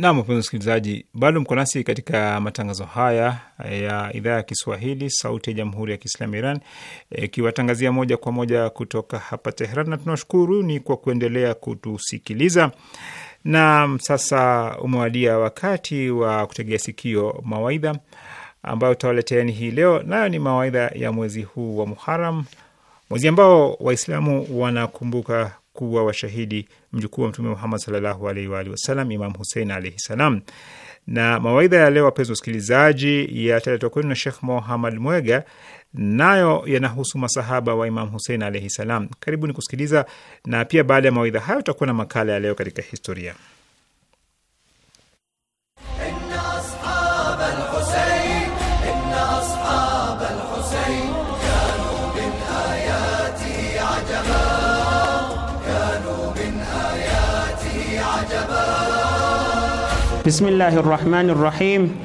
Nam, wapenzi msikilizaji, bado mko nasi katika matangazo haya eh, ya idhaa ya Kiswahili sauti ya jamhuri ya kiislamu Iran eh, ikiwatangazia e, moja kwa moja kutoka hapa Teheran, na tunashukuru ni kwa kuendelea kutusikiliza. Na sasa umewadia wakati wa kutegea sikio mawaidha ambayo utawaleteani hii leo, nayo ni mawaidha ya mwezi huu wa Muharam, mwezi ambao Waislamu wanakumbuka kuwa washahidi mjukuu wa Mtume Muhammad sallallahu alaihi wa alihi wasallam, Imam Husein alaihi salam. Na mawaidha ya leo, wapenzi wasikilizaji, yataletwa kwenu na Shekh Mohamad Mwega, nayo yanahusu masahaba wa Imam Husein alaihi salam. Karibuni kusikiliza, na pia baada ya mawaidha hayo tutakuwa na makala ya leo katika historia. بسم الله الرحمن الرحيم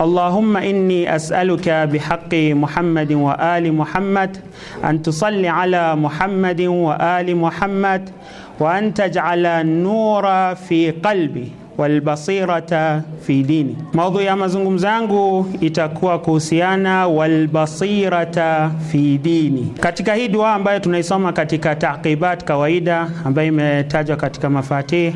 اللهم إني أسألك بحق محمد وآل محمد أن تصلي على محمد وآل محمد وأن تجعل النور في قلبي walbasirata fi dini. Maudhui ya mazungumzo yangu itakuwa kuhusiana walbasirata fi dini. Katika hii dua ambayo tunaisoma katika taqibat kawaida, ambayo imetajwa katika mafatih,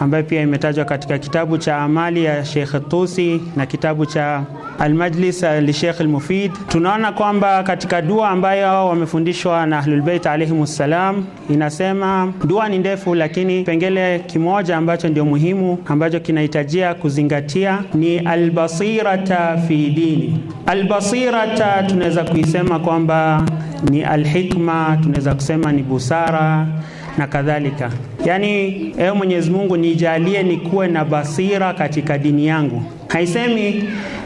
ambayo pia imetajwa katika kitabu cha amali ya Sheikh Tusi na kitabu cha Almajlis lishekh lmufid tunaona kwamba katika dua ambayo wamefundishwa na Ahlulbeit ssalam inasema, dua ni ndefu, lakini kipengele kimoja ambacho ndio muhimu ambacho kinahitajia kuzingatia ni albasirata fi dini. Albasirata tunaweza kuisema kwamba ni alhikma, tunaweza kusema ni busara na kadhalika. Yaani, ewe Mwenyezi Mungu nijalie nikuwe na basira katika dini yangu. Haisemi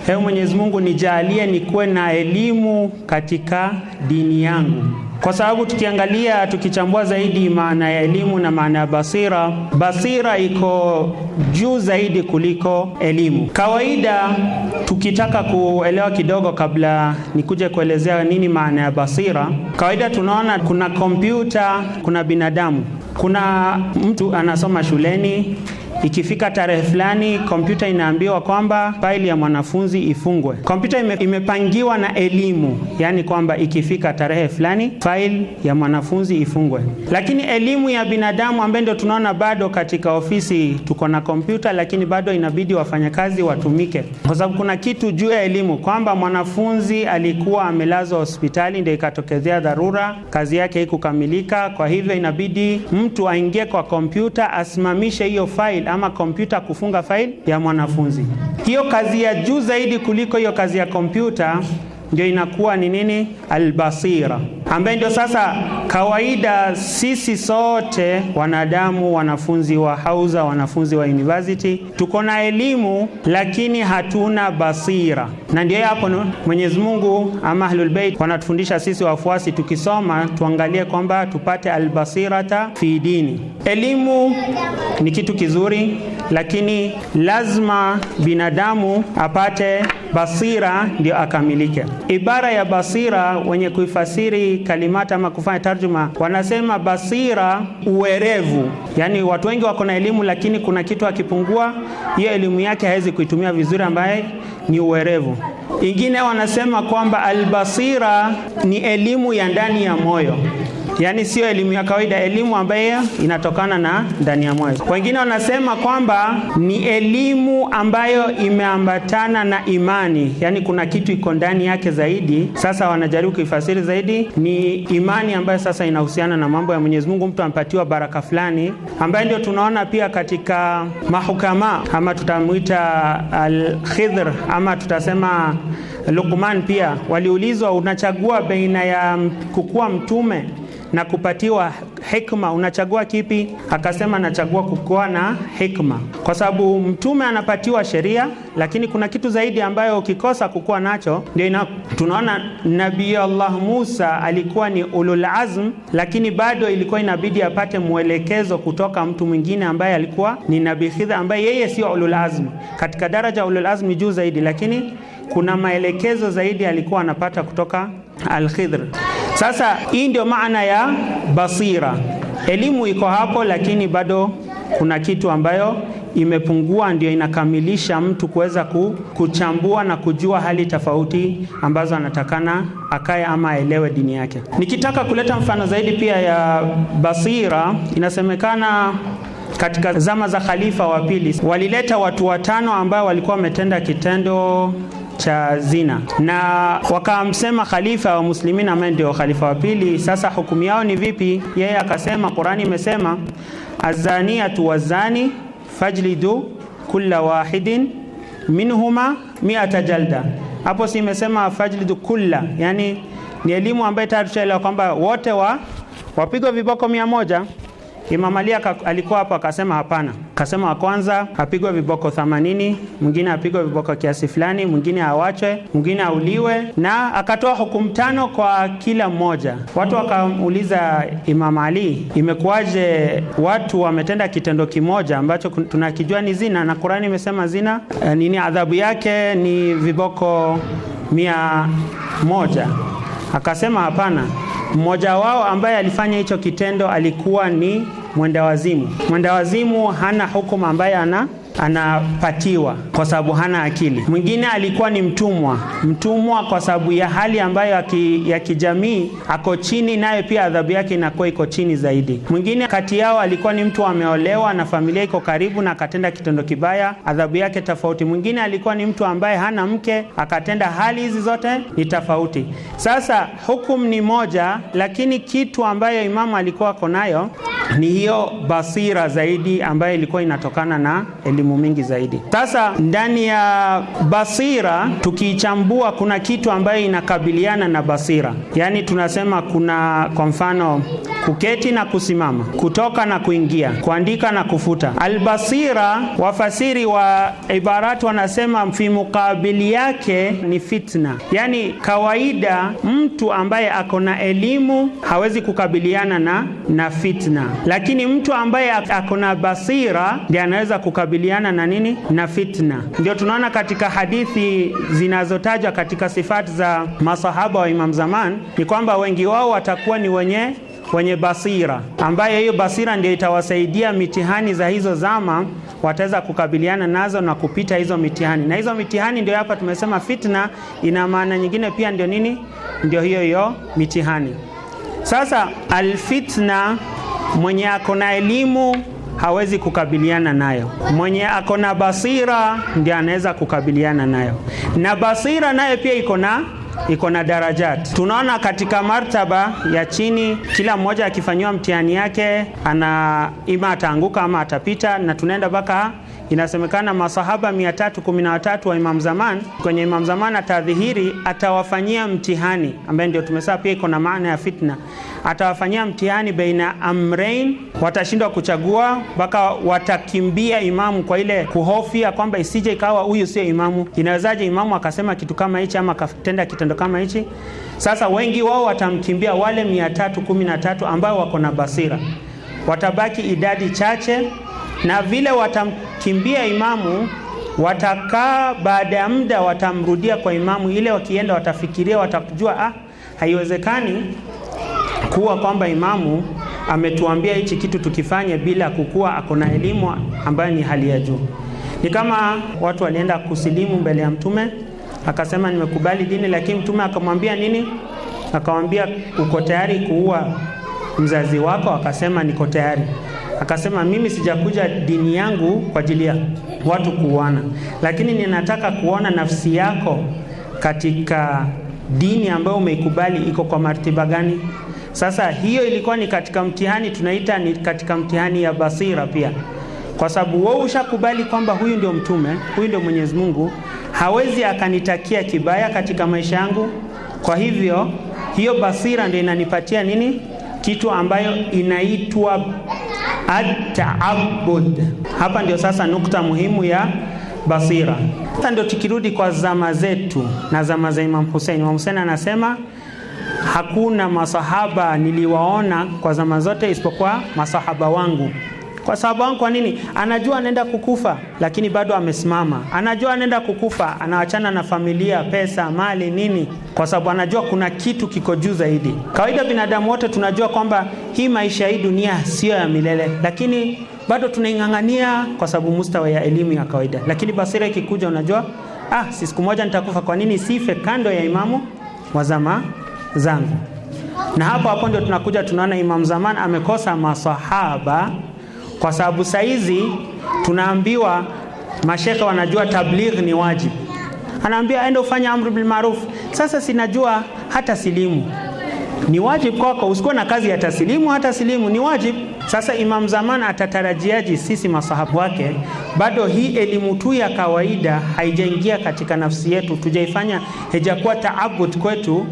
ewe Mwenyezi Mungu nijalie nikuwe na elimu katika dini yangu kwa sababu tukiangalia tukichambua zaidi maana ya elimu na maana ya basira, basira iko juu zaidi kuliko elimu. Kawaida tukitaka kuelewa kidogo, kabla nikuje kuelezea nini maana ya basira, kawaida tunaona kuna kompyuta, kuna binadamu, kuna mtu anasoma shuleni Ikifika tarehe fulani, kompyuta inaambiwa kwamba faili ya mwanafunzi ifungwe. Kompyuta ime, imepangiwa na elimu, yaani kwamba ikifika tarehe fulani, faili ya mwanafunzi ifungwe. Lakini elimu ya binadamu ambayo ndio tunaona bado katika ofisi tuko na kompyuta, lakini bado inabidi wafanyakazi watumike, kwa sababu kuna kitu juu ya elimu kwamba mwanafunzi alikuwa amelazwa hospitali, ndio ikatokezea dharura, kazi yake haikukamilika, kwa hivyo inabidi mtu aingie kwa kompyuta asimamishe hiyo faili ama kompyuta kufunga faili ya mwanafunzi. Hiyo kazi ya juu zaidi kuliko hiyo kazi ya kompyuta ndio inakuwa ni nini? Albasira, ambaye ndio sasa kawaida sisi sote wanadamu, wanafunzi wa hauza, wanafunzi wa university, tuko na elimu lakini hatuna basira, na ndio hapo Mwenyezi Mungu ama Ahlul Bait wanatufundisha sisi wafuasi, tukisoma tuangalie kwamba tupate albasirata fi dini. Elimu ni kitu kizuri, lakini lazima binadamu apate basira ndio akamilike. Ibara ya basira, wenye kuifasiri kalimata ama kufanya tarjuma wanasema basira, uwerevu. Yani watu wengi wako na elimu, lakini kuna kitu akipungua, hiyo elimu yake hawezi kuitumia vizuri, ambaye ni uwerevu. Ingine wanasema kwamba albasira ni elimu ya ndani ya moyo yaani sio elimu ya kawaida, elimu ambayo inatokana na ndani ya moyo. Wengine wanasema kwamba ni elimu ambayo imeambatana na imani, yaani kuna kitu iko ndani yake zaidi. Sasa wanajaribu kuifasiri zaidi, ni imani ambayo sasa inahusiana na mambo ya Mwenyezi Mungu, mtu ampatiwa baraka fulani, ambayo ndio tunaona pia katika mahukama ama tutamwita al-Khidr ama tutasema lukman Pia waliulizwa, unachagua baina ya kukuwa mtume na kupatiwa hikma, unachagua kipi? Akasema nachagua kukuwa na hikma, kwa sababu mtume anapatiwa sheria, lakini kuna kitu zaidi ambayo ukikosa kukuwa nacho ndio ina, tunaona Nabii Allah Musa alikuwa ni ulul azm, lakini bado ilikuwa inabidi apate mwelekezo kutoka mtu mwingine ambaye alikuwa ni Nabii Khidha, ambaye yeye sio ulul azm. Katika daraja ulul azm ni juu zaidi, lakini kuna maelekezo zaidi alikuwa anapata kutoka Alkhidr. Sasa hii ndio maana ya basira. Elimu iko hapo, lakini bado kuna kitu ambayo imepungua, ndio inakamilisha mtu kuweza kuchambua na kujua hali tofauti ambazo anatakana akae ama aelewe dini yake. Nikitaka kuleta mfano zaidi pia ya basira, inasemekana katika zama za khalifa wa pili walileta watu watano ambao walikuwa wametenda kitendo cha zina, na wakamsema khalifa wa muslimin ambaye ndio khalifa wa pili. Sasa hukumu yao ni vipi? Yeye akasema Qurani imesema azaniatu wazani fajlidu kulla wahidin minhuma miata jalda. Hapo si imesema fajlidu kulla, yani ni elimu ambayo tayari tushaelewa kwamba wote wa wapigwa viboko mia moja. Imam Ali alikuwa hapo akasema hapana. Akasema wa kwanza apigwe viboko 80, mwingine apigwe viboko kiasi fulani, mwingine awachwe, mwingine auliwe, na akatoa hukumu tano kwa kila mmoja. Watu wakamuuliza Imam Ali, imekuwaje watu wametenda kitendo kimoja ambacho tunakijua ni zina na Qur'ani imesema zina e, nini adhabu yake ni viboko mia moja. Akasema hapana mmoja wao ambaye alifanya hicho kitendo alikuwa ni mwendawazimu. Mwendawazimu hana hukumu ambaye ana anapatiwa kwa sababu hana akili. Mwingine alikuwa ni mtumwa, mtumwa kwa sababu ya hali ambayo ya, ki, ya kijamii ako chini, nayo pia adhabu yake inakuwa iko chini zaidi. Mwingine kati yao alikuwa ni mtu ameolewa na familia iko karibu na akatenda kitendo kibaya, adhabu yake tofauti. Mwingine alikuwa ni mtu ambaye hana mke akatenda, hali hizi zote ni tofauti. Sasa hukumu ni moja, lakini kitu ambayo imamu alikuwa ako nayo ni hiyo basira zaidi ambayo ilikuwa inatokana na elimu elimu mingi zaidi. Sasa ndani ya basira tukiichambua, kuna kitu ambayo inakabiliana na basira, yaani tunasema kuna kwa mfano kuketi na kusimama, kutoka na kuingia, kuandika na kufuta. Albasira, wafasiri wa ibarati wanasema fi mukabili yake ni fitna, yaani kawaida mtu ambaye ako na elimu hawezi kukabiliana na, na fitna, lakini mtu ambaye ako na basira ndiye anaweza kukabiliana kukabiliana na nini na fitna. Ndio tunaona katika hadithi zinazotajwa katika sifati za masahaba wa Imam Zaman ni kwamba wengi wao watakuwa ni wenye wenye basira, ambayo hiyo basira ndio itawasaidia mitihani za hizo zama, wataweza kukabiliana nazo na kupita hizo mitihani. Na hizo mitihani ndio hapa tumesema fitna ina maana nyingine pia, ndio nini? Ndio hiyo hiyo mitihani. Sasa alfitna, mwenye ako na elimu hawezi kukabiliana nayo. Mwenye ako na basira ndiye anaweza kukabiliana nayo, na basira nayo pia iko na iko na darajati. Tunaona katika martaba ya chini, kila mmoja akifanyiwa mtihani yake, ana ima ataanguka ama atapita, na tunaenda mpaka Inasemekana masahaba 313 wa Imam Zaman kwenye Imam Zaman atadhihiri, atawafanyia mtihani ambaye ndio tumesaa pia iko na maana ya fitna. Atawafanyia mtihani baina amrain, watashindwa kuchagua mpaka watakimbia imamu kwa ile kuhofia kwamba isije ikawa huyu sio imamu. Inawezaje imamu akasema kitu kama hichi ama akatenda kitendo kama hichi? Sasa wengi wao watamkimbia, wale 313 ambao wako na basira, watabaki idadi chache na vile watamkimbia imamu, watakaa baada ya muda watamrudia kwa imamu. Ile wakienda watafikiria, watakujua ah, haiwezekani kuwa kwamba imamu ametuambia hichi kitu tukifanye bila kukuwa ako na elimu ambayo ni hali ya juu. Ni kama watu walienda kusilimu mbele ya Mtume, akasema nimekubali dini, lakini Mtume akamwambia nini? Akamwambia uko tayari kuua mzazi wako? Akasema niko tayari. Akasema mimi sijakuja dini yangu kwa ajili ya watu kuona, lakini ninataka kuona nafsi yako katika dini ambayo umeikubali iko kwa martiba gani? Sasa hiyo ilikuwa ni katika mtihani, tunaita ni katika mtihani ya basira pia, kwa sababu wewe ushakubali kwamba huyu ndio mtume, huyu ndio Mwenyezi Mungu, hawezi akanitakia kibaya katika maisha yangu. Kwa hivyo hiyo basira ndio inanipatia nini, kitu ambayo inaitwa ataabud. Hapa ndio sasa nukta muhimu ya basira. Sasa ndio tukirudi kwa zama zetu na zama za Imam Hussein. Imam Hussein anasema hakuna masahaba niliwaona kwa zama zote isipokuwa masahaba wangu kwa sababu wangu, kwa nini? Anajua anaenda kukufa, lakini bado amesimama. Anajua anaenda kukufa, anawachana na familia, pesa, mali, nini, kwa sababu anajua kuna kitu kiko juu zaidi. Kawaida binadamu wote tunajua kwamba hii maisha hii dunia siyo ya milele, lakini bado tunaing'ang'ania kwa sababu mustawa ya elimu ya kawaida. Lakini basira ikikuja, unajua ah, si siku moja nitakufa, kwa nini sife kando ya imamu wa zama zangu? Na hapo hapo ndio tunakuja tunaona Imam Zaman amekosa masahaba kwa sababu saizi tunaambiwa mashekhe wanajua tabligh ni wajibu, anaambia aende ufanye amri bil maruf. Sasa sinajua hata silimu ni wajibu kwako, usikuwa na kazi ya taslimu. Hata silimu ni wajibu. Sasa Imam Zaman atatarajiaji sisi masahabu wake? Bado hii elimu tu ya kawaida haijaingia katika nafsi yetu, tujaifanya, hejakuwa taabud kwetu,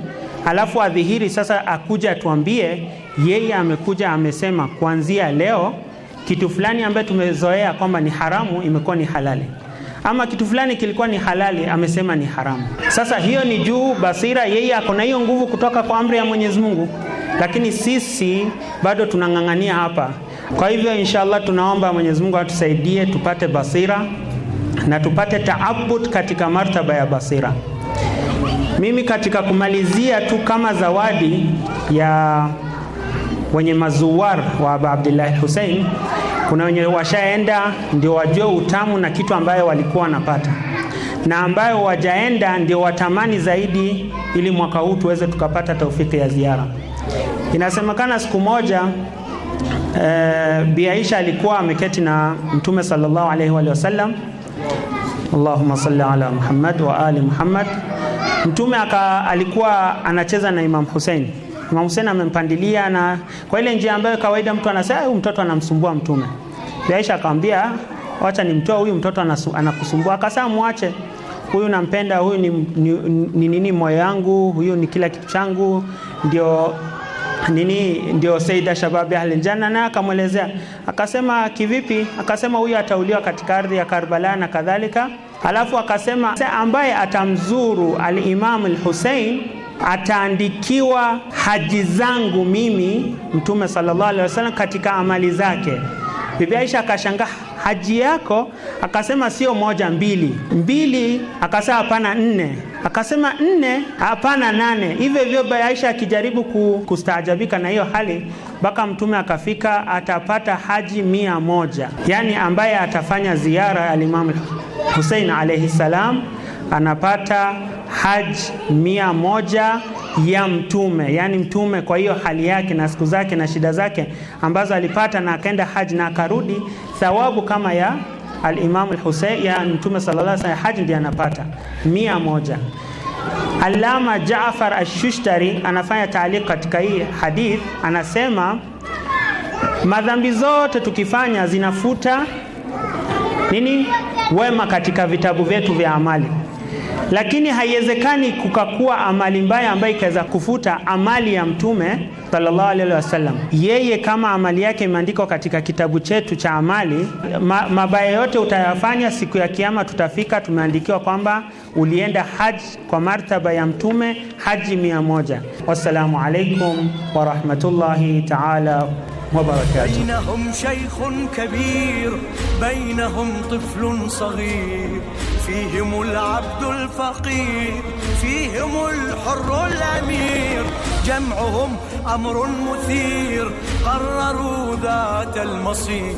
alafu adhihiri sasa akuja atuambie yeye amekuja amesema kuanzia leo kitu fulani ambaye tumezoea kwamba ni haramu imekuwa ni halali ama kitu fulani kilikuwa ni halali amesema ni haramu. Sasa hiyo ni juu basira, yeye ako na hiyo nguvu kutoka kwa amri ya Mwenyezi Mungu, lakini sisi bado tunang'ang'ania hapa. Kwa hivyo inshallah, tunaomba Mwenyezi Mungu atusaidie tupate basira na tupate taabud katika martaba ya basira. Mimi katika kumalizia tu kama zawadi ya wenye mazuwar wa Aba Abdillahi Hussein, kuna wenye washaenda ndio wajue utamu na kitu ambayo walikuwa wanapata, na ambayo wajaenda ndio watamani zaidi, ili mwaka huu tuweze tukapata taufiki ya ziara. Inasemekana siku moja e, Bi Aisha alikuwa ameketi na Mtume sallallahu alaihi wa sallam, Allahumma salli ala Muhammad wa ali Muhammad. Mtume alikuwa anacheza na Imam Hussein Imam Hussein amempandilia na kwa ile njia ambayo kawaida mtu anasema eh, huyu mtoto anamsumbua mtume. Aisha akamwambia acha nimtoe huyu mtoto anakusumbua. Akasema mwache. Huyu nampenda, huyu ni nini ni, ni moyo wangu, huyu ni kila kitu changu ndio nini ndio Saida Shababi Janna, naye akamwelezea akasema, kivipi? Akasema huyu atauliwa katika ardhi ya Karbala na kadhalika. Alafu akasema ambaye atamzuru alimamu Alhusein ataandikiwa haji zangu mimi Mtume sallallahu alaihi wasallam katika amali zake. Bibi Aisha akashangaa, haji yako? Akasema sio moja, mbili. Mbili? Akasema hapana, nne. Akasema nne? Hapana, nane. Hivyo hivyo, Bibi Aisha akijaribu kustaajabika na hiyo hali mpaka Mtume akafika atapata haji mia moja, yani ambaye atafanya ziara Alimamu Husein alaihi salam anapata haj mia moja ya mtume, yaani mtume kwa hiyo hali yake na siku zake na shida zake ambazo alipata na akaenda haji na akarudi, thawabu kama ya al-Imam al-Husayn, mtume sallallahu alaihi wasallam haji ndiye anapata mia moja. Alama Jaafar Ash-Shushtari anafanya taaliq katika hii hadith, anasema madhambi zote tukifanya zinafuta nini wema katika vitabu vyetu vya amali lakini haiwezekani kukakuwa amali mbaya ambayo ikaweza kufuta amali ya Mtume sallallahu alaihi wasallam. Yeye kama amali yake imeandikwa katika kitabu chetu cha amali, ma, mabaya yote utayafanya siku ya kiama tutafika, tumeandikiwa kwamba ulienda haji kwa martaba ya Mtume, haji mia moja. Wassalamu alaikum warahmatullahi taala وبركاته فيهم العبد الفقير فيهم الحر الأمير جمعهم أمر مثير قرروا ذات المصير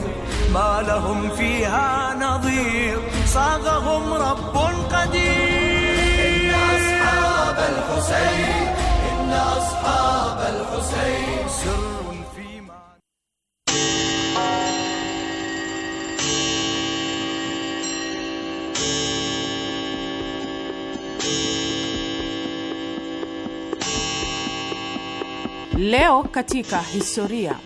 ما لهم فيها نظير صاغهم رب قدير إن أصحاب الحسين إن أصحاب الحسين سر Leo katika historia.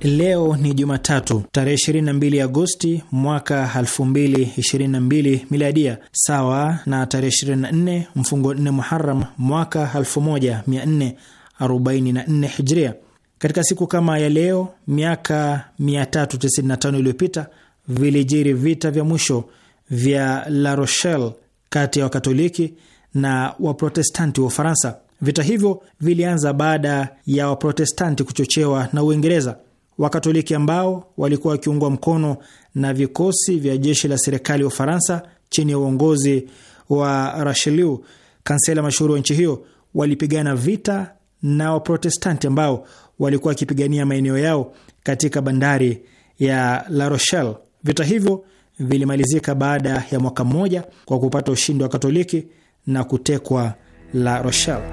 Leo ni Jumatatu tarehe 22 Agosti mwaka 2022 miladia, sawa na tarehe 24 mfungo 4 Muharam mwaka 1444 Hijria. Katika siku kama ya leo miaka 395 iliyopita vilijiri vita vya mwisho vya La Rochelle kati ya Wakatoliki na Waprotestanti wa Ufaransa. Vita hivyo vilianza baada ya Waprotestanti kuchochewa na Uingereza. Wakatoliki ambao walikuwa wakiungwa mkono na vikosi vya jeshi la serikali ya Ufaransa chini ya uongozi wa Richelieu, kansela mashuhuri wa nchi hiyo, walipigana vita na Waprotestanti ambao walikuwa wakipigania maeneo yao katika bandari ya La Rochelle. Vita hivyo vilimalizika baada ya mwaka mmoja kwa kupata ushindi wa Katoliki na kutekwa La Rochelle.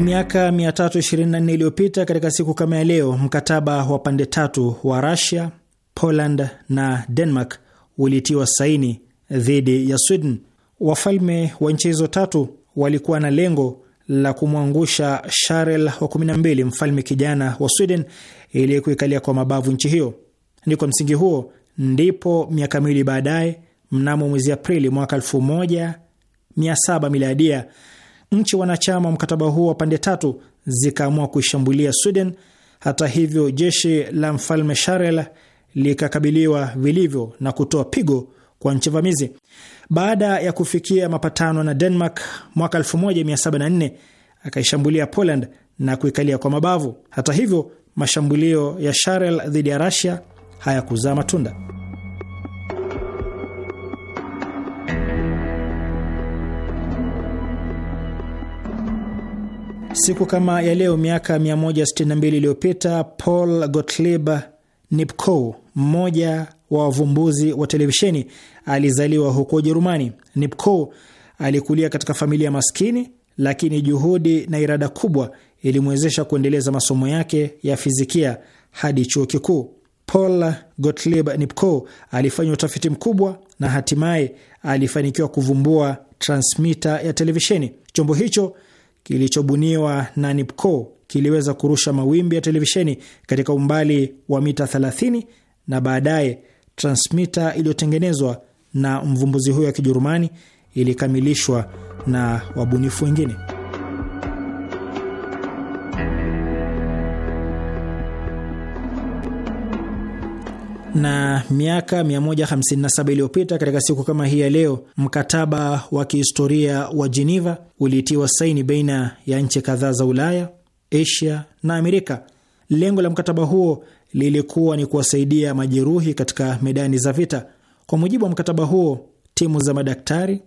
Miaka 324 iliyopita katika siku kama ya leo, mkataba wa pande tatu wa Russia, Poland na Denmark ulitiwa saini dhidi ya Sweden. Wafalme wa nchi hizo tatu walikuwa na lengo la kumwangusha Sharel wa 12 mfalme kijana wa Sweden kuikalia kwa mabavu nchi hiyo. Ni kwa msingi huo ndipo miaka miwili baadaye, mnamo mwezi Aprili mwaka 1700 miliadia, nchi wanachama wa mkataba huo wa pande tatu zikaamua kuishambulia Sweden. Hata hivyo, jeshi la mfalme Sharel likakabiliwa vilivyo na kutoa pigo kwa nchi vamizi. Baada ya kufikia mapatano na Denmark mwaka 1704 akaishambulia Poland na kuikalia kwa mabavu. Hata hivyo, mashambulio ya Sharel dhidi ya Russia hayakuzaa matunda. Siku kama ya leo miaka 162 iliyopita Paul Gottlieb Nipkow, mmoja wa wavumbuzi wa televisheni alizaliwa huko Ujerumani. nipco alikulia katika familia maskini, lakini juhudi na irada kubwa ilimwezesha kuendeleza masomo yake ya fizikia hadi chuo kikuu. Paul Gottlieb Nipkow alifanya utafiti mkubwa na hatimaye alifanikiwa kuvumbua transmita ya televisheni. Chombo hicho kilichobuniwa na Nipkow kiliweza kurusha mawimbi ya televisheni katika umbali wa mita 30 na baadaye transmita iliyotengenezwa na mvumbuzi huyo wa Kijerumani ilikamilishwa na wabunifu wengine. na miaka 157 iliyopita katika siku kama hii ya leo, mkataba wa kihistoria wa Geneva uliitiwa saini baina ya nchi kadhaa za Ulaya, Asia na Amerika. Lengo la mkataba huo lilikuwa ni kuwasaidia majeruhi katika medani za vita. Kwa mujibu wa mkataba huo, timu za madaktari,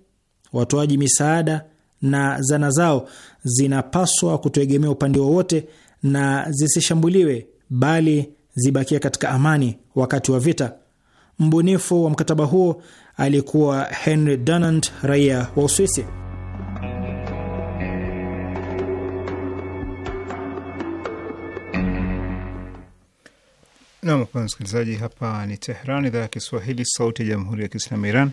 watoaji misaada na zana zao zinapaswa kutoegemea upande wowote na zisishambuliwe, bali zibakia katika amani wakati wa vita. Mbunifu wa mkataba huo alikuwa Henry Dunant, raia wa Uswisi. Nam kwa msikilizaji, hapa ni Tehran, idhaa ya Kiswahili, sauti ya jamhuri ya kiislamu ya Iran.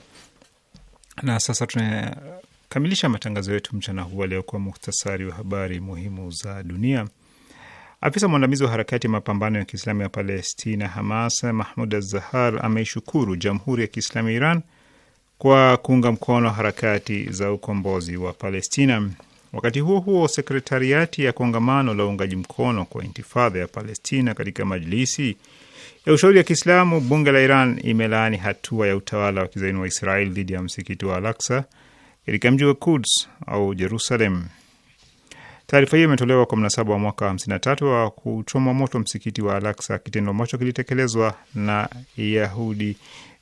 Na sasa tunakamilisha matangazo yetu mchana huu leo kwa muhtasari wa habari muhimu za dunia. Afisa mwandamizi wa harakati ya mapambano ya kiislamu ya Palestina, Hamas, Mahmud azahar ameishukuru jamhuri ya kiislamu ya Iran kwa kuunga mkono harakati za ukombozi wa Palestina. Wakati huo huo, sekretariati ya kongamano la uungaji mkono kwa intifadha ya Palestina katika Majlisi ya ushauri ya Kiislamu, bunge la Iran, imelaani hatua ya utawala wa kizaini wa israel dhidi ya msikiti wa Alaksa katika mji wa Kuds au Jerusalem. Taarifa hiyo imetolewa kwa mnasaba wa mwaka 53 wa kuchoma moto msikiti wa Alaksa, kitendo ambacho kilitekelezwa na Yahudi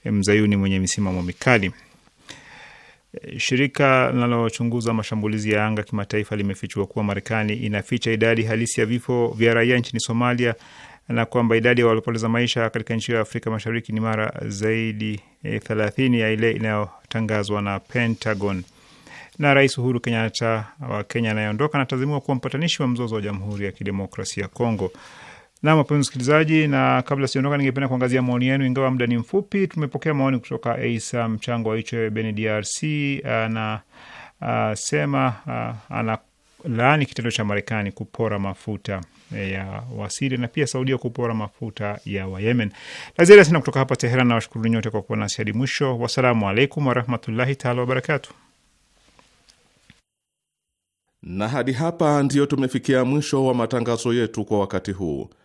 mzayuni mwenye misimamo mikali. Eh, shirika linalochunguza mashambulizi ya anga kimataifa limefichua kuwa Marekani inaficha idadi halisi ya vifo vya raia nchini Somalia na kwamba idadi ya waliopoteza maisha katika nchi hiyo ya Afrika Mashariki ni mara zaidi eh, thelathini ya ile inayotangazwa na Pentagon. Na Rais Uhuru Kenyatta wa Kenya anayeondoka anatazimiwa kuwa mpatanishi wa mzozo wa Jamhuri ya Kidemokrasia ya Kongo. Na mapenzi msikilizaji, na kabla sijaondoka, ningependa kuangazia maoni yenu, ingawa muda ni mfupi. Tumepokea maoni kutoka Asa mchango wa hicho Beni DRC anasema uh, ana laani kitendo cha Marekani kupora mafuta eh, ya Wasiria na pia Saudia kupora mafuta ya Wayemen. La ziada sina kutoka hapa Teheran na washukuru nyote kwa kuwa nasi hadi mwisho. Wassalamu alaikum warahmatullahi taala wabarakatu. Na hadi hapa ndiyo tumefikia mwisho wa matangazo yetu kwa wakati huu.